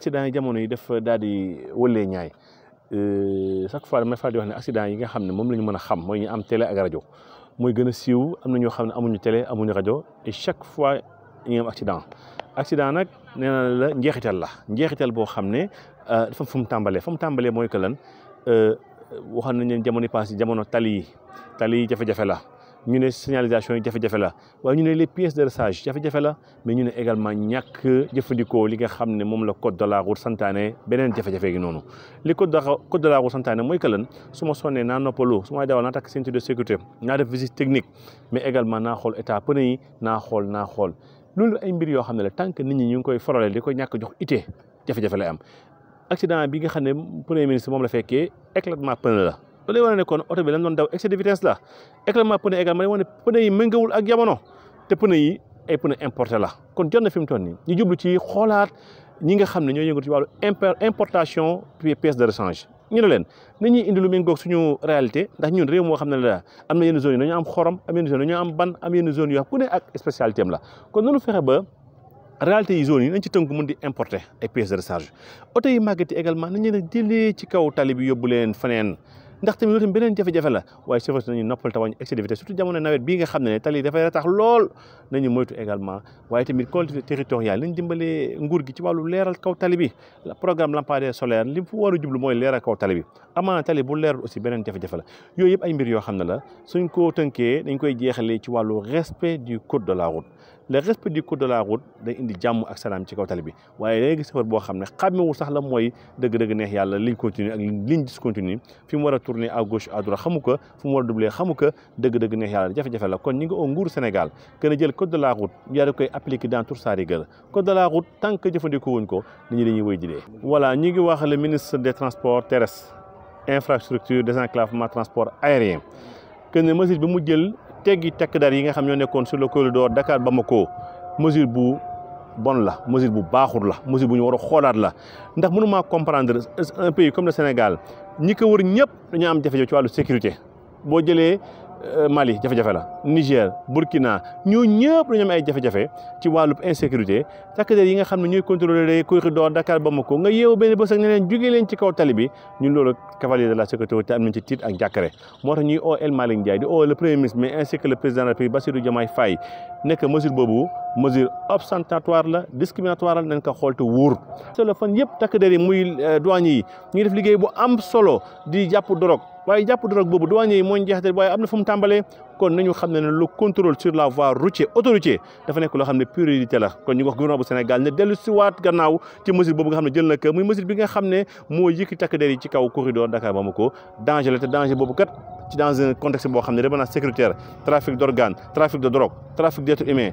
accident yi jamono yi def daal di wëlee ñaay euh, chaque fois damay faral di wax ne accident yi nga xam ne moom la ñu mën a xam mooy ñu am télé ak rajo mooy gën a siiw am na ñoo xam ne amuñu télé amuñu rajo et chaque fois ñu am accident. accident nag nee la njeexital la njeexital boo xam ne euh, dafa fu mu tàmbalee fa mu tàmbalee mooy que lan euh, waxoon nañ leen jamono passé jamono tali yi tali yi jafe-jafe la. ñune signalisation yi jafe-jafe la way ñune les pièces de rechange jafe-jafe la mais ñune également ñak jëfëndiko li nga xamné mom la code de la route santané benen jafe-jafe gi nonu li code de la route santané moy que suma sonné na sonnee suma dawal na tak ceinture de sécurité na def visite technique mais également na xol état pneu yi na xol na xol loolu ay mbir yo xamné ne la tant nit ñi ñu ngi koy farale di ko ñàkk jox ité jafe-jafe lay am accident bi nga xamné premier ministre mom la féké éclatement pneu la loolu lay kon auto bi lañ don daw excès de vitesse la éclatement pneu également day pneu yi méngawul ak yamono té pneu yi ay pneu importé la kon jonne na fi mu ñu jublu ci xolaat ñi nga xamné ne ñoo yëngatu ci walu importation puis pièces de rechange ñu ne leen nañuy indi lu mengok suñu réalité ndax ñun réew mo xamné la amna na zone dañu am xorom am yenn zone dañu am ban am yenn zone yu xam ku ak spécialité am la kon noonu fexé ba réalité yi zone yi nañ ci tënk mu di importer ay pièces de rechange auto yi magati également nañ leen a ci kaw talib bi yóbbu leen ndax tamit loolu beneen jafe-jafe la waaye nañu noppal de surtout jamono nga lool nañu moytu également tamit territoriale Le nguur gi ci kaw tali bi programme lampadaire solaire li fu a jublu mooy leeral kaw tali bi amaana tali bu aussi jafe-jafe la respect du code de la route le respect du code de la route day indi ak salam ci kaw tali bi waye ngay gis sax tourner à gauche à droite doubler deug neex la kon nga Sénégal jël code de la route est koy appliquer dans tout sa rigueur code de la route tant que wuñ ko nit dañuy voilà ñi ngi le ministre des transports terrestres infrastructure désenclavement transport aérien que mesure bi mu teggi tekk dar yi nga xam ñoo nekkoon sur le corridor Dakar Bamako mesure bu bon la mesure bu baaxul la mesure bu ñu war a xoolaat la ndax mënu comprendre un pays comme le Sénégal ñi ko wër ñëpp dañoo am jafe-jafe ci wàllu sécurité boo jëlee euh, Mali jafe-jafe la. Niger Burkina ñoo ñëpp dañu am ay jafe-jafe ci wàllub insécurité takk der yi nga xam ne ñooy contrôler les corridors Dakar Bamako nga yeewu benn bés ak ne leen jóge leen ci kaw tali bi loolu cavalier de la sécurité am nañ ci tiit ak jàkkare moo tax ñuy oo El Malick Ndiaye di oo le premier ministre mais ainsi que président de la République Bassirou Diomaye nekk mesure boobu mesure ostentatoire la discriminatoire la nañ ko xool te wóor solo fan yëpp takk der yi muy euh, douane yi ñu bu am solo di jàpp dorog waaye jàpp dorog boobu douane yi mooy njeexital waaye am na fu mu tàmbalee kon avons le contrôle sur la voie routière, autoroutier dafa nous lo xamné priorité la kon ñu wax gouvernement bu Sénégal ne ci gannaaw ci mesure nga xamné jël na muy mesure bi nga ci kaw corridor Dakar Bamako danger la danger bobu kat ci dans un contexte bo xamné sécuritaire trafic d'organes, trafic de drogue trafic d'être humain.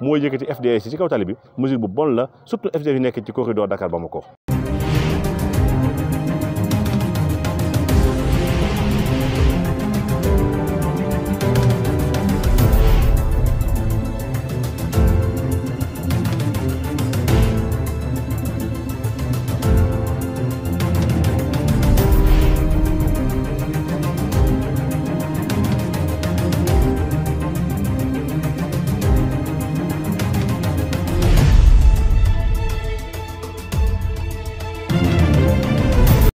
mooy yëkkati FDS yi ci kaw tali bi mesure bu bon la surtout FDS yi nekk ci corridor Dakar Bamako